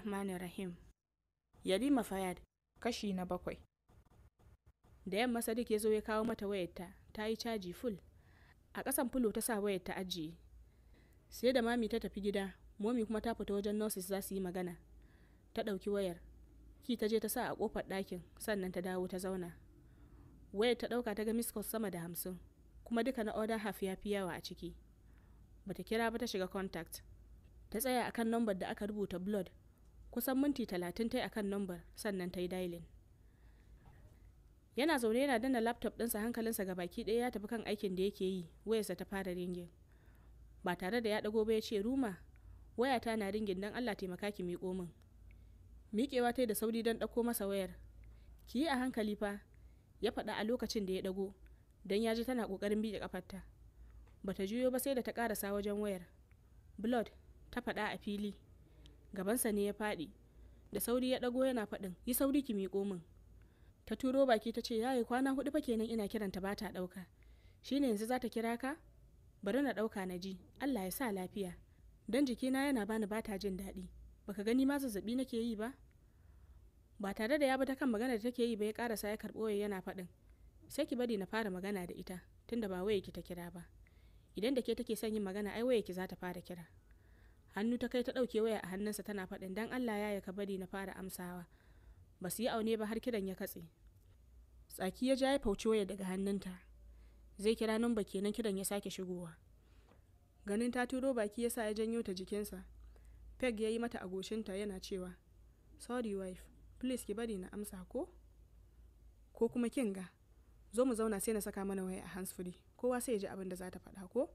Rahmanir Rahim. Yalima Fayad. Kashi na bakwai. Da yamma Sadiq ya zo ya kawo mata wayarta, ta yi caji ful A ƙasan fulo ta sa wayar ta ajiye. Sai da mami ta tafi gida, momi kuma ta fita wajen nurses za su yi magana. Ta ɗauki wayar. Ki ta je ta sa a ƙofar ɗakin, sannan ta dawo ta zauna. Wayar ta ɗauka ta ga miskos sama da hamsin, kuma duka na order half ya fi yawa a ciki. Bata kira ba ta shiga contact. ta tsaya akan lambar da aka rubuta blood kusan minti talatin ta yi akan nambar sannan ta yi dailin yana zaune yana danna laptop ɗinsa hankalinsa ga baki ɗaya ya tafi kan aikin da yake yi wayarsa ta fara ringin ba tare da ya ɗago ba ya ce ruma waya ta na ringin don allah taimaka ki miƙo min miƙewa ta yi da sauri don ɗauko masa wayar ki yi a hankali fa ya faɗa a lokacin da ya ɗago don ya ji tana ƙoƙarin biƙe ƙafarta Ba ta juyo ba sai da ta ƙarasa wajen wayar blood ta faɗa a fili gabansa ne ya faɗi da sauri ya ɗago yana faɗin yi sauri ki miƙo min ta turo baki ta ce yayi kwana hudu fa kenan ina kiranta ba ta ɗauka ne yanzu za ta kira ka bari na ɗauka na ji allah ya sa lafiya don jikina yana bani ba ta jin daɗi baka gani ma zazzaɓi nake yi ba ba tare da ya bi ta kan magana da take yi ba ya karasa ya karɓo ya yana faɗin sai ki bari na fara magana da ita tunda ba waya ki ta kira ba idan da ke take son yin magana ai waya ki za ta fara kira hannu ta kai ta ɗauke waya a hannunsa tana faɗin dan allah ya bari na fara amsawa ba su yi aune ba har kiran ya katse tsaki ya ja ya fauci waya daga hannunta zai kira nan ba kenan kiran ya sake shigowa ganin ta turo baki ya sa ya janyo ta jikinsa peg ya yi mata agoshinta yana cewa sorry wife please ki bari na amsa ko ko kuma kin ga zo mu zauna sai na saka mana waya a hands free kowa sai ya ji abin da za ta faɗa ko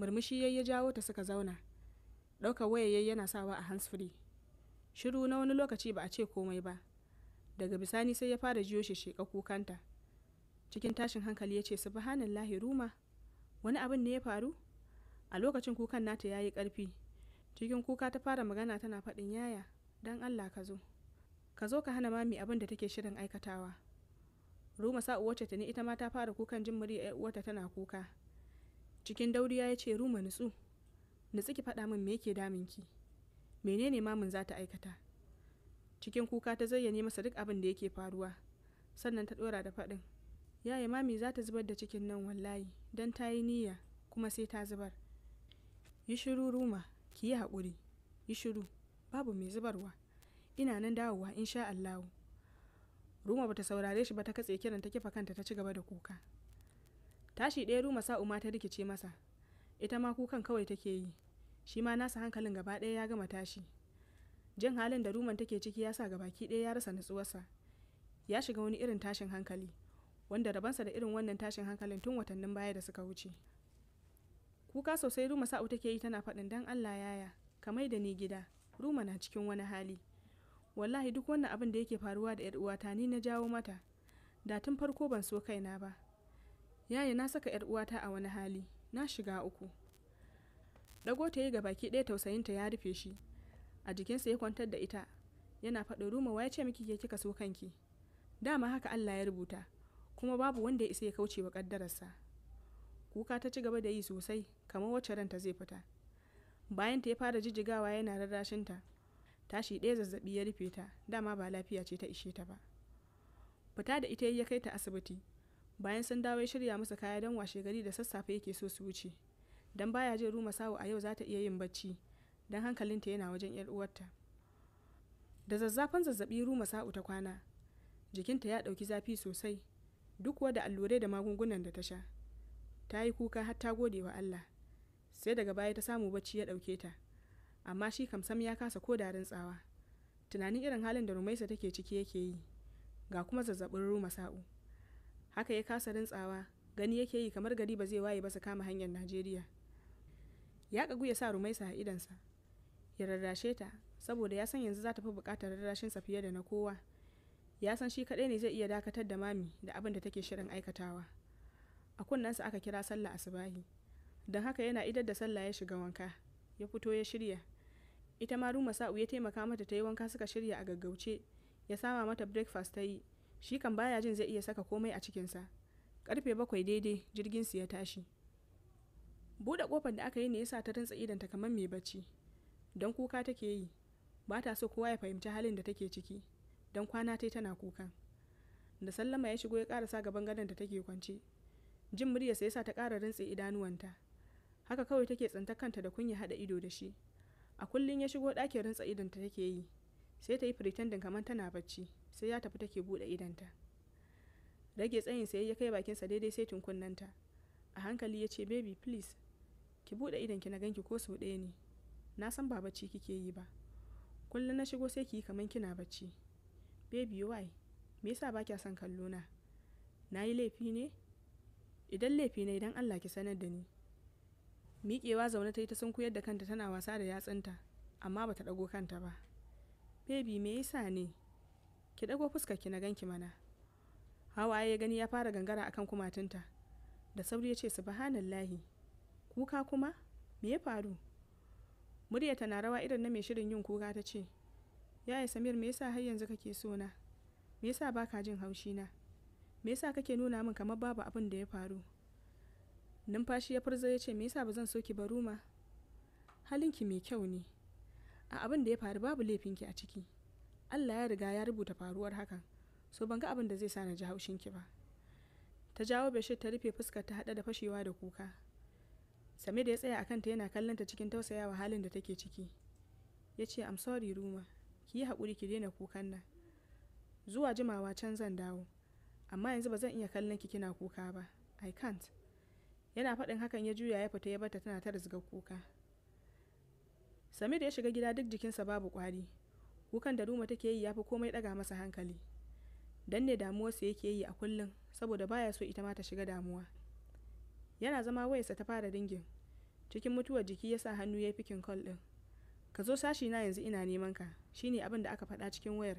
murmushi ya jawo ta suka zauna ɗaukar yayi yana sawa a hands-free shiru na wani lokaci ba a ce komai ba daga bisani sai ya fara jiyo shi sheƙa kukanta cikin tashin hankali ya ce subhanallahi ruma wani abin ne ya faru a lokacin kukan nata ya yi ƙarfi cikin kuka ta fara magana tana faɗin yaya don allah ka zo ka zo ka hana mami abin da take shirin aikatawa ruma sa wacce ta ne ita ma ta fara kukan jin murya uwarta tana kuka cikin dauriya ya ce ruma nutsu nutsu ki faɗa min me yake damun ki menene mamin za ta aikata cikin kuka ta zayyane masa duk abin da yake faruwa sannan ta ɗora da faɗin yaya mami za ta zubar da cikin nan wallahi don ta yi niyya kuma sai ta zubar yi shiru ruma ki yi haƙuri yi shiru babu mai zubarwa ina nan dawowa in sha allahu ruma bata saurare shi ba ta katse kiran ta kifa kanta ta ci gaba da kuka tashi ɗaya ruma sa'u ma ta rikice masa ita ma kukan kawai take yi shi ma nasa hankalin gaba ɗaya ya gama tashi jin halin da ruman take ciki ya sa gabaki ɗaya ya rasa nutsuwarsa ya shiga wani irin tashin hankali wanda rabansa da irin wannan tashin hankalin tun watannin baya da suka wuce kuka sosai ruma sa'u take yi tana faɗin dan allah yaya kamai da ni gida ruma na cikin wani hali wallahi duk wannan abin da yake faruwa da 'yar uwata ni na jawo mata da tun farko ban so kaina ba yaya na saka 'yar uwata a wani hali na shiga uku dago ta yi ga baki ɗaya tausayinta ya rufe shi a jikinsa ya kwantar da ita yana faɗin ruma wa ya ce miki ke kika so kanki dama haka allah ya rubuta kuma babu wanda ya isa ya kauce wa ƙaddararsa kuka ta ci gaba da yi sosai kamar wacce ranta zai fita bayan ta ya fara jijjigawa yana rarrashinta tashi ɗaya zazzabi ya rufe ta dama ba lafiya ce ta ishe ta ba fita da ita ya kai ta asibiti bayan sun dawo shirya masa kaya don washe gari da sassafe yake so su wuce don baya jin ruma sawo a yau za ta iya yin bacci don hankalinta yana wajen yar uwarta da zazzafan zazzabi ruma sa'u ta kwana jikinta ya ɗauki zafi sosai duk wada allurai da magungunan da ta sha ta yi kuka har ta gode wa allah sai daga baya ta samu bacci ya ɗauke ta amma shi sam ya kasa ko da rintsawa tunanin irin halin da rumaisa take ciki yake yi ga kuma zazzabin ruma sa'u haka ya kasa rintsawa gani yake yi kamar gari ba zai waye ba su kama hanyar najeriya ya kagu ya sa rumaisa a idansa ya rarrashe ta saboda ya san yanzu za ta fi bukatar rarrashinsa fiye da na kowa ya san shi kaɗai ne zai iya dakatar da mami da abin da take shirin aikatawa a kunnensa aka kira sallah asubahi don haka yana idar da sallah ya shiga wanka ya fito ya shirya ita ma rumasa'u ya taimaka mata ta yi wanka suka shirya a gaggauce ya sama mata breakfast ta yi shi kan baya jin zai iya saka komai a cikinsa karfe bakwai daidai jirgin su ya tashi buɗe ƙofar da aka yi ne ya sa ta rintsa idanta kamar mai bacci don kuka take yi ba ta so kowa ya fahimci halin da take ciki don kwana tai tana kuka da sallama ya shigo ya karasa gaban gadon da take kwance jin muryarsa ya sa ta ƙara rintse idanuwanta haka kawai take tsantar kanta da kunya haɗa ido da shi a kullum ya shigo ɗakin rintsa idonta take yi sai ta yi pretending kamar tana bacci sai ya tafi take buɗe idanta rage tsayin sai ya kai bakinsa daidai sai tunkunnanta a hankali ya ce baby please ki buɗe idanki na ganki ko sau ɗaya ne na san ba bacci kike yi ba kullum na shigo sai ki yi kamar kina bacci baby why me yasa ba kya son kallo na na yi laifi ne idan laifi ne idan allah ki sanar da ni miƙewa zaune ta yi ta sunkuyar da kanta tana wasa da yatsunta amma bata ɗago kanta ba Baby me yasa ne? Ki ɗago fuskarki na ganki mana. Hawaye ya gani ya fara gangara akan kumatunta. Da sauri ya ce subhanallahi. Kuka kuma? Me ya faru? Murya tana rawa idan na mai shirin yin kuka ta ce, Yaya Samir me yasa har yanzu kake so na? Me yasa baka jin haushi na? Me yasa kake nuna min kamar babu abin da ya faru? Numfashi ya furza ya ce me yasa ba zan so ki baruma? Halinki mai kyau ne. a abin da ya faru babu laifin ki a ciki allah ya riga ya rubuta faruwar hakan so ban ga abin da zai sa na ji haushinki ba ta jawo bashir ta rufe fuskar ta hada da fashewa da kuka same da ya tsaya a kanta yana kallon ta cikin tausayawa halin da take ciki ya ce am sorry ruma ki yi haƙuri ki daina kukan nan zuwa jimawa can zan dawo amma yanzu ba zan iya kallon ki kina kuka ba i can't yana faɗin hakan ya juya ya fita ya bata tana ta rizgar kuka samir ya shiga gida duk jikinsa babu kwari wukan da ruma take yi ya fi komai daga masa hankali dan ne damuwarsa yake yi a kullum saboda baya so ita ma ta shiga damuwa yana zama wayarsa ta fara dingin cikin mutuwar jiki ya sa hannu ya fikin kol din ka zo sashi na yanzu ina neman ka shine abin da aka faɗa cikin wayar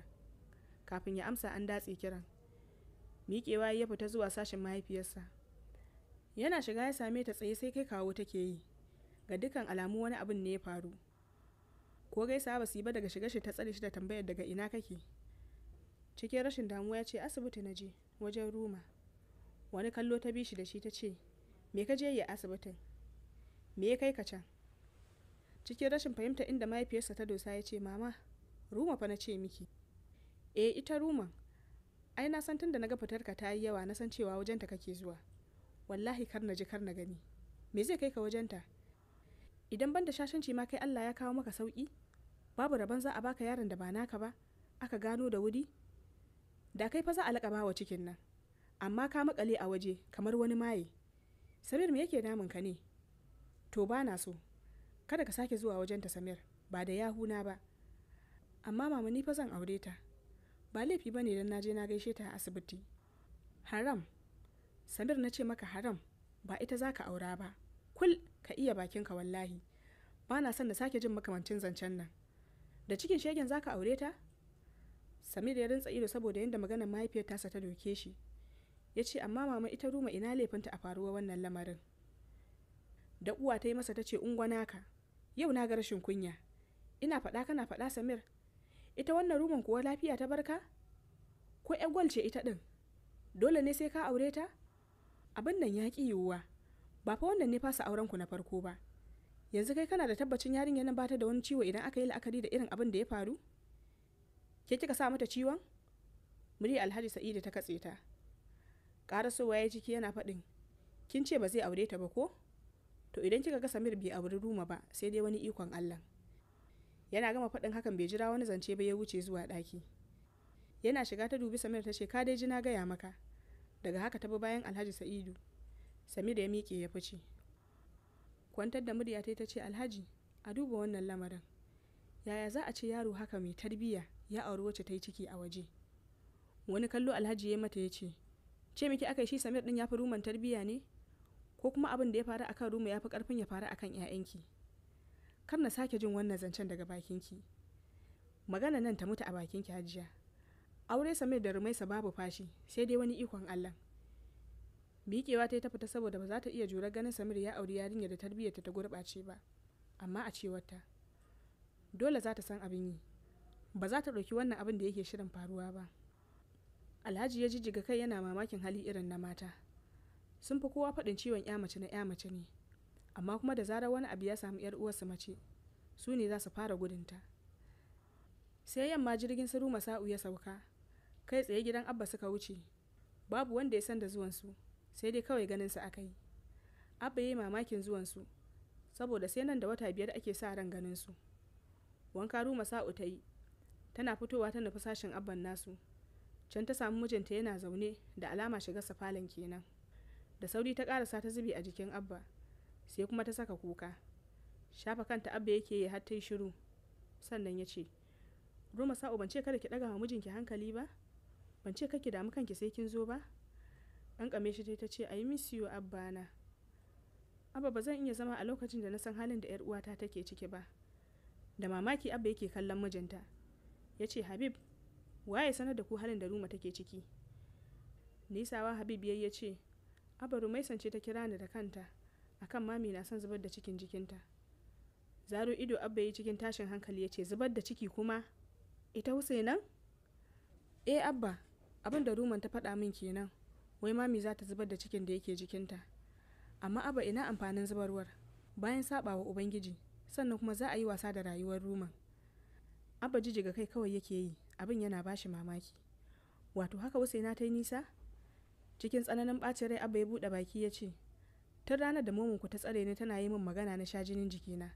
kafin ya amsa an datse kiran miƙewa ya fita zuwa sashin mahaifiyarsa yana shiga ya same ta tsaye sai kai kawo take yi ga dukkan alamu wani abin ne ya faru ko gaisa, ba su yi ba daga shiga shi ta tsare shi da tambayar daga ina kake cikin rashin damuwa ya ce asibiti na je wajen ruma wani kallo ta bi shi da shi ta ce me ka je yi asibitin me ya kai ka can cikin rashin fahimta inda mahaifiyarsa ta dosa ya ce mama ruma fa na ce miki Eh ita ruman ai na san tunda naga ka ta yi yawa na san cewa wajenta kake zuwa wallahi kar na ji kar na gani me zai kai ka wajenta idan ban da shashanci ma kai Allah ya kawo maka sauki babu rabon za a baka yaron da ba naka ba aka gano da wuri da kai fa za a laƙaba wa cikin nan amma ka makale a waje kamar wani maye samir me yake damun ka ne to ba na so kada ka sake zuwa wajen ta samir ba da yahuna ba amma mama ni fa zan aure ta ba laifi ba ne don na je na gaishe ta a asibiti haram samir na ce maka haram ba ita za ka aura ba kul ka iya bakinka wallahi ba na son na sake jin makamancin zancen nan da cikin shegen zaka aure ta samir ya rintsa ido saboda yadda maganar mahaifiyar tasa ta doke shi ya ce amma mama ita ruma ina laifinta a faruwa wannan lamarin da uwa ta yi masa ta ce ungwanaka ka yau na ga rashin kunya ina faɗa kana faɗa samir ita wannan ruman kuwa lafiya ta barka ko gwal ce ita ɗin dole ne sai ka aure ta abin nan ya ƙi yiwuwa ba fa wannan ne fasa aurenku na farko ba yanzu kai kana da tabbacin yarinyar nan bata da wani ciwo idan aka yi la'akari da irin abin da ya faru ke kika sa mata ciwon murya alhaji sa'idu ta katse ta karasowa ya ciki yana faɗin kin ce ba zai aure ta ba ko to idan kika ga samir bai auri ruma ba sai dai wani ikon allah yana gama faɗin hakan bai jira wani zance ba ya wuce zuwa ɗaki yana shiga ta dubi samir ta ce ka dai ji na gaya maka daga haka ta bi bayan alhaji sa'idu samir ya miƙe ya fice kwantar da murya ta ce alhaji a duba wannan lamarin yaya za a ce yaro haka mai tarbiyya ya auri wacce ta yi ciki a waje wani kallo alhaji ya mata ya ce ce miki aka shi samir din ya fi ruman tarbiyya ne ko kuma abin da ya faru akan ruma ya fi karfin ya faru akan 'ya'yanki kar na sake jin wannan zancen daga bakin ki. magana nan ta mutu a bakin ki hajiya aure samir da rumaisa babu fashi sai dai wani ikon allah Bikewa ta yi ta fita saboda ba za ta iya jura ganin samir ya auri yarinyar da tarbiyyarta ta gurɓace ba amma a cewarta dole za ta san abin yi ba za ta ɗauki wannan abin da yake shirin faruwa ba alhaji ya jijjiga kai yana mamakin hali irin na mata sun fi kowa faɗin ciwon ya mace na ya mace ne amma kuma da zarar wani abu ya samu yar uwarsa mace su ne za su fara gudunta sai yamma jirgin su masa'u ya sauka kai tsaye gidan abba suka wuce babu wanda ya san da zuwansu sai dai kawai ganin su aka yi abba ya yi mamakin zuwansu saboda sai nan da wata biyar ake sa ran ganin su wanka ruma sa'u ta yi tana fitowa ta nufi sashen abban nasu can ta samu mijinta yana zaune da alama shiga falon kenan da sauri ta karasa ta zubi a jikin abba sai kuma ta saka kuka shafa kanta abba yake yi har ta yi shiru sannan ya ce ruma sa'u ban ce kada ki ɗaga wa mijinki hankali ba ban ce kake damu kanki sai kin zo ba ƙanƙame shi ta ce yi yi misiyo abba na abba ba zan iya zama a lokacin da na san halin da 'yar uwata take ciki ba da mamaki abba yake kallon mijinta ya ce habib waye sanar da ku halin da ruma take ciki nisawa habib ya ce abba rumaisan ce ta kira ni da kanta akan mami na son zubar da cikin jikinta zaro ido abba ya cikin tashin hankali ya ce zubar da ciki kuma ita husainan eh abba abin da ruman ta faɗa min kenan wai mami za ta zubar da cikin da yake jikinta amma aba ina amfanin zubarwar bayan sabawa ubangiji sannan kuma za a yi wasa da rayuwar ruman abba jijiga kai kawai yake yi abin yana bashi mamaki wato haka wasu ta yi nisa cikin tsananin ɓacin rai abba ya buɗe baki ya ce ta ranar da ku ta tsare ni tana yi min magana na sha jinin jikina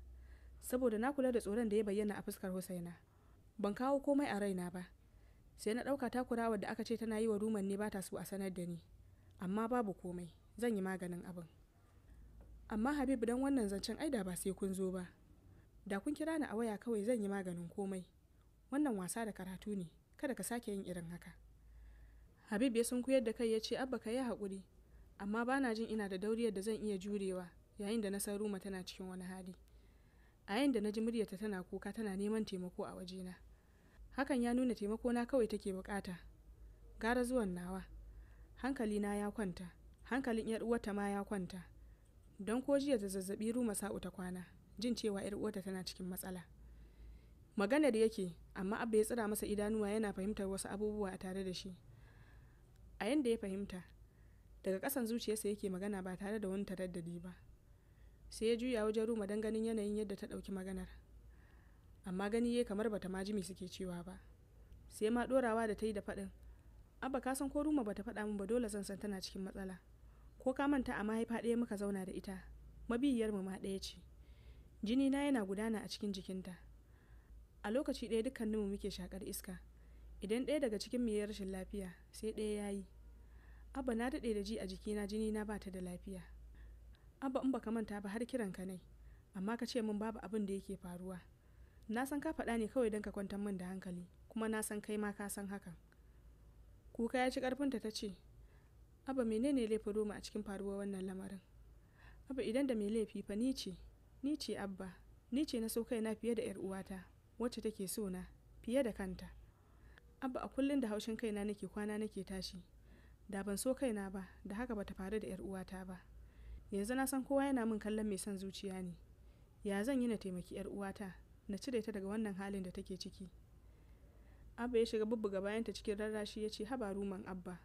saboda na kula da tsoron da ya bayyana a fuskar husaina ban kawo komai a raina ba sai na ɗauka takurawar da aka ce tana yi wa ruman ne ba ta so a sanar da ni amma babu komai zan yi maganin abin amma habibu dan wannan zancen aida ba sai kun zo ba da kun kira ni a waya kawai zan yi maganin komai wannan wasa da karatu ne kada ka sake yin irin haka habib ya sun koyar da kai ya ce abba ka yi haƙuri amma ba na jin ina da dauriyar da zan iya jurewa yayin da na san ruma tana cikin wani hali a yayin da na ji muryarta tana kuka tana neman taimako a wajena hakan ya nuna taimako na kawai take bukata gara zuwan nawa hankalina ya kwanta hankalin yar uwata ma ya kwanta don ko jiya da zazzabi ruma sa'u ta kwana jin cewa yar uwata tana cikin matsala Maganar da yake amma abba ya tsira masa idanuwa yana fahimtar wasu abubuwa a tare da shi a yanda ya fahimta daga ƙasan zuciyarsa yake magana ba tare da wani taraddadi ba sai ya juya wajen ruma don ganin yanayin yadda ta ɗauki maganar amma gani ya kamar bata ma ji me suke cewa ba sai ma ɗorawa da ta yi da faɗin abba ka san ko ruma bata faɗa min ba dole zan san tana cikin matsala ko ka manta a mahaifa ɗaya muka zauna da ita mabiyar mu ma ɗaya ce jini na yana gudana a cikin jikinta a lokaci ɗaya dukkaninmu muke shakar iska idan ɗaya daga cikin mu ya rashin lafiya sai ɗaya ya yi abba na daɗe da ji a jikina jini na bata da lafiya abba in baka manta ba har kiran ka nai amma ka ce min babu abin da yake faruwa na san ka faɗa ne kawai don ka kwantar min da hankali kuma na san kai ma ka san hakan kuka ya ci ƙarfinta ta ce abba menene laifin roma a cikin faruwa wannan lamarin abba idan da mai laifi fa ni ce ni ce abba ni ce na so kaina fiye da yar uwata wacce take so na fiye da kanta abba a kullum da haushin kaina nake kwana nake tashi da ban so kaina ba da haka bata faru da yar uwata ba yanzu na san kowa yana min kallon mai son zuciya ne ya zan yi na taimaki yar uwata na cire ta daga wannan halin da take ciki Abba ya shiga bubbuga bayanta cikin rarrashi ya ce haba ruman Abba,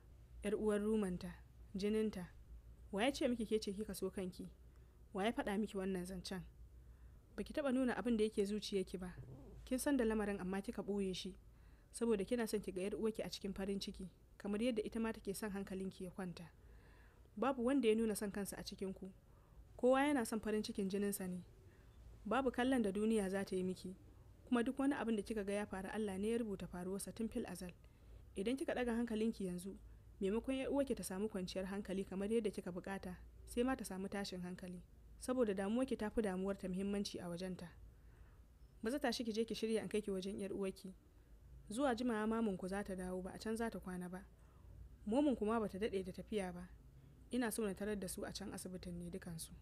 ‘yar uwar rumanta, jininta, wa ya ce miki ke ce kika so kanki, wa ya faɗa miki wannan zancen. Baki taɓa nuna abin da yake zuciyarki ba, kin san da lamarin amma kika ɓoye shi, saboda kina son ki ga ‘yar uwarki a cikin farin ciki, kamar yadda ita ma take son hankalinki ya kwanta. Babu wanda ya nuna son kansa a cikin ku kowa yana son farin cikin jininsa ne. Babu kallon da duniya za ta yi miki. kuma duk wani abin da kika ga ya faru Allah ne ya rubuta faruwarsa tun fil azal idan kika daga hankalinki yanzu maimakon ya ki ta samu kwanciyar hankali kamar yadda kika bukata sai ma ta samu tashin hankali saboda ki ta fi ta muhimmanci a wajenta maza tashi ki je ki shirya an kai ki wajen yar uwaki zuwa jimawa mamun ku za ta dawo ba a can za ta kwana ba momin kuma bata dade da tafiya ba ina so na tarar da su a can asibitin ne dukansu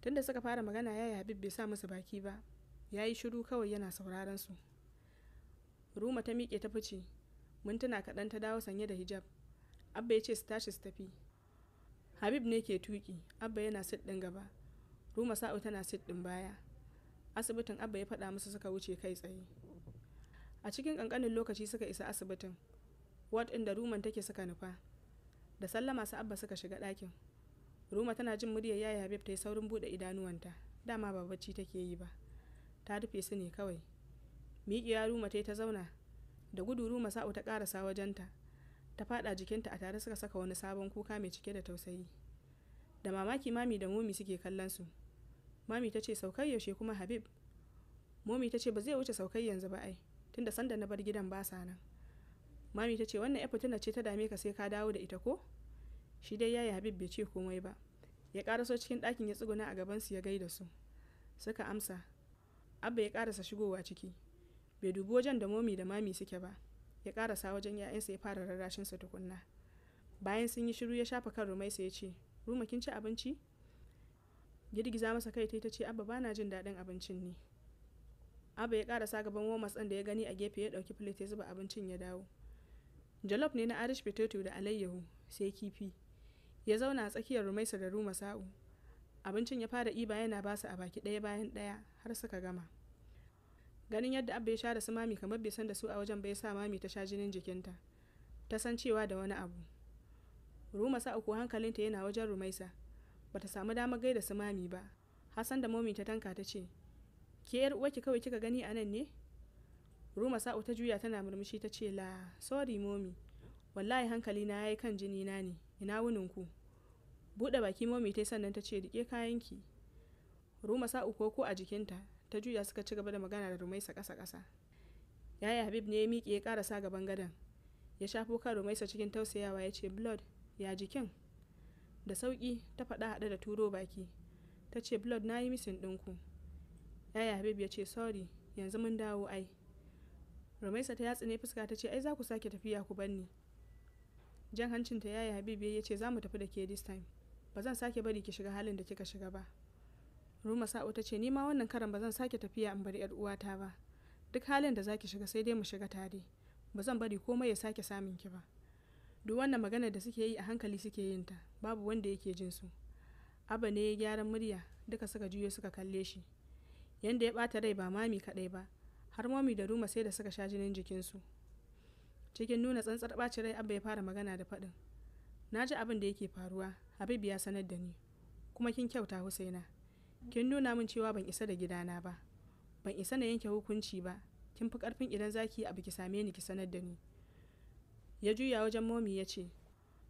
tunda suka fara magana yaya habib bai sa musu baki ba ya yi shiru kawai yana sauraron su ruma ta miƙe ta fice mintuna kaɗan ta dawo sanye da hijab abba ya ce su tashi su tafi habib ne ke tuki abba yana sit ɗin gaba ruma sa'u tana sit ɗin baya asibitin abba ya faɗa musu suka wuce kai tsaye a cikin ƙanƙanin lokaci suka isa asibitin wat inda ruman take suka nufa da sallama su abba suka shiga ɗakin ruma tana jin muryar yaya habib ta yi saurin buɗe idanuwanta dama ba take yi ba ta rufe su ne kawai miƙiya ruma ta ta zauna da gudu ruma sa'u ta ƙarasa wajenta ta faɗa jikinta a tare suka saka wani sabon kuka mai cike da tausayi da mamaki mami da momi suke kallon su mami ta ce saukar yaushe kuma habib momi ta ce ba zai wuce saukar yanzu ba ai tunda sanda na bar gidan ba nan mami ta ce wannan ya fitina ce ta dame ka sai ka dawo da ita ko shi dai yayi habib bai ce komai ba ya karaso cikin ɗakin ya tsuguna a gabansu ya gaida su suka amsa abba ya karasa shigowa ciki bai dubi wajen da momi da mami suke ba ya karasa wajen ya'yansa ya fara rarrashinsa tukunna bayan sun yi shiru ya shafa kan rumaisa ya ce ruma kin ci abinci girgiza masa kai ta ce abba bana jin daɗin abincin ne abba ya karasa gaban womas ɗin da ya gani a gefe ya ɗauki plate ya zuba abincin ya dawo jalof ne na irish potato da alayyahu sai kifi ya zauna a tsakiyar rumaisa da ruma sa'u abincin ya fara iba yana ba su a baki ɗaya bayan ɗaya har suka gama ganin yadda abu ya sha da su mami kamar bai san da su a wajen bai sa mami ta sha jinin jikinta ta san cewa da wani abu ruma sa uku hankalinta yana wajen rumaisa ba ta samu damar gaida su mami ba hassan da momi ta tanka ta ce ke yar uwarki kawai kika gani a nan ne ruma sa'u ta juya tana murmushi ta ce la sorry momi wallahi hankali na yayi kan jini na ne ina wunin ku buɗe baki momi ta sannan ta ce rike kayanki ruma sa uku ko a jikinta ta juya suka ci gaba da magana da rumaisa kasa kasa yaya habib ne ya miƙe ya sa gaban gadon ya shafo kan rumaisa cikin tausayawa ya ce blood ya jikin da sauƙi ta faɗa haɗe da turo baki ta ce blood na yi misin ɗinku yaya habib ya ce sorry yanzu mun dawo ai rumaisa ta yatsa ne fuska ta ce ai za ku sake tafiya ku banni jan hancinta yaya habib ya ce za mu tafi da ke this time ba zan sake bari ki shiga halin da kika shiga ba ruma sa'o ta ce ni ma wannan karan ba zan sake tafiya in bar yar uwata ba duk halin da zaki shiga sai dai mu shiga tare ba zan bari komai ya sake samun ki ba duk wannan maganar da suke yi a hankali suke yin ta babu wanda yake jin su aba ne ya gyaran murya duka suka juyo suka kalle shi yanda ya bata rai ba mami kadai ba har mami da ruma sai da suka sha jinin jikinsu cikin nuna tsantsar ɓacin rai abba ya fara magana da faɗin na ji abin da yake faruwa habib ya sanar da ni kuma kin kyauta husaina kin nuna min cewa ban isa da gidana ba ban isa na yanke hukunci ba kin fi karfin idan za zaki abu ki same ni ki sanar da ni ya juya wajen momi ya ce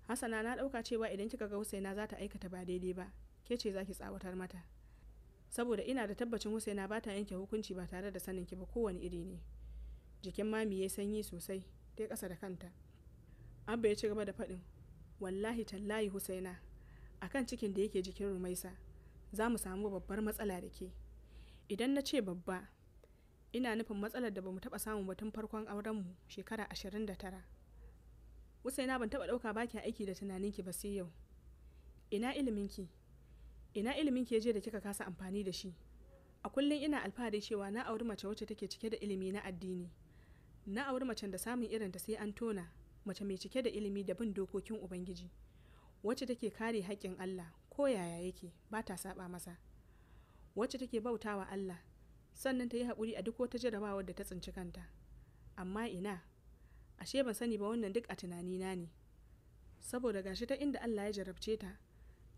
hasana na ɗauka cewa idan kika ga husaina za ta aikata ba daidai ba ke ce za ki tsawatar mata saboda ina da tabbacin husaina ba ta yanke hukunci ba tare da sanin ki ba kowane iri ne jikin mami ya sanyi sosai dai ƙasa da kanta abba ya ci gaba da faɗin wallahi tallahi husaina akan cikin da yake jikin rumaisa za mu samu babbar matsala da ke idan na ce babba ina nufin matsalar da bamu taɓa samu batun farkon aurenmu shekara ashirin da tara. husaina ban taba dauka baki aiki da tunaninki ba sai yau ina iliminki ina iliminki ya je da kika kasa amfani da shi a kullum ina alfahari cewa na auri mace wacce take cike da ilimi na addini na auri macen da samun irin ta sai an tona mace mai cike da ilimi da bin dokokin ubangiji wacce take kare haƙƙin allah ko yaya yake ba ta saba masa wacce take bautawa allah sannan ta yi haƙuri a duk wata jarabawar da ta tsinci kanta amma ina ashe ban sani ba wannan duk a tunanina ne saboda gashi ta inda allah ya jarabce ta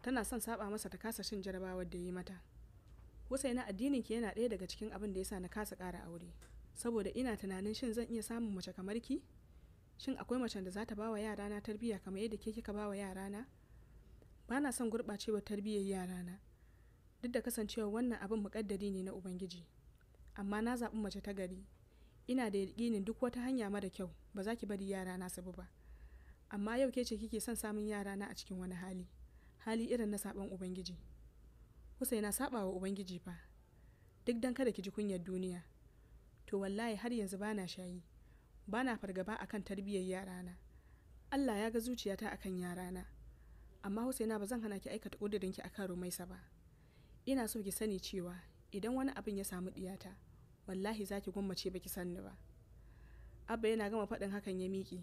tana son saba masa ta kasa shin jarabawar da ya yi mata husaina addinin ki yana ɗaya daga cikin abin da ya sa na kasa ƙara aure saboda ina tunanin shin zan iya samun mace kamar ki shin akwai macen da za ta ba bawa yarana tarbiyya kamar yadda ke kika ba bawa yarana ba na son gurɓacewar tarbiyyar yarana duk da kasancewar wannan abin muƙaddari ne na ubangiji amma na zaɓi mace ta gari ina da yaƙinin duk wata hanya mara kyau ba za ki bari yarana su ba amma yau ke ce kike son samun yarana a cikin wani hali hali irin na saɓon ubangiji yana saɓa wa ubangiji fa duk don kada ki ji kunyar duniya to wallahi har yanzu bana shayi ba na fargaba akan tarbiyyar yarana allah ya ga zuciyata a akan yarana amma husaina ba zan hana ki aikata ƙudurinki kan rumaisa ba ina so ki sani cewa idan wani abin ya samu ɗiyata wallahi za ki gwammace ba ki sanni ba abba yana gama faɗin hakan ya miƙe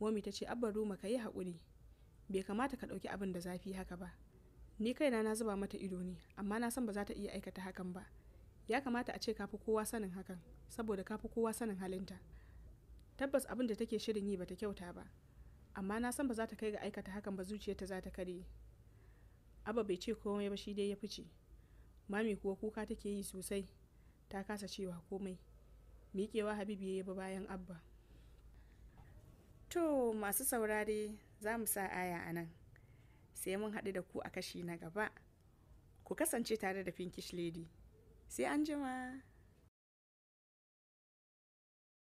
wami ta ce abba ruma ka yi haƙuri bai kamata ka ɗauki abin da zafi haka ba ni kaina na zuba mata ido ne amma na san ba za ta iya aikata hakan ba ya kamata a ce kafi kowa sanin hakan saboda kafi kowa sanin halinta tabbas abin da take shirin yi bata kyauta ba amma na san ba za ta kai ga aikata hakan ba zuciyarta za ta karye abba bai ce komai ba shi dai ya fice mami kuwa kuka take yi sosai ta kasa cewa komai miƙewa habibu ya yaba bayan abba to masu saurare za mu sa aya a nan sai mun haɗu da ku a kashi na gaba ku kasance tare da pinkish lady sai an jima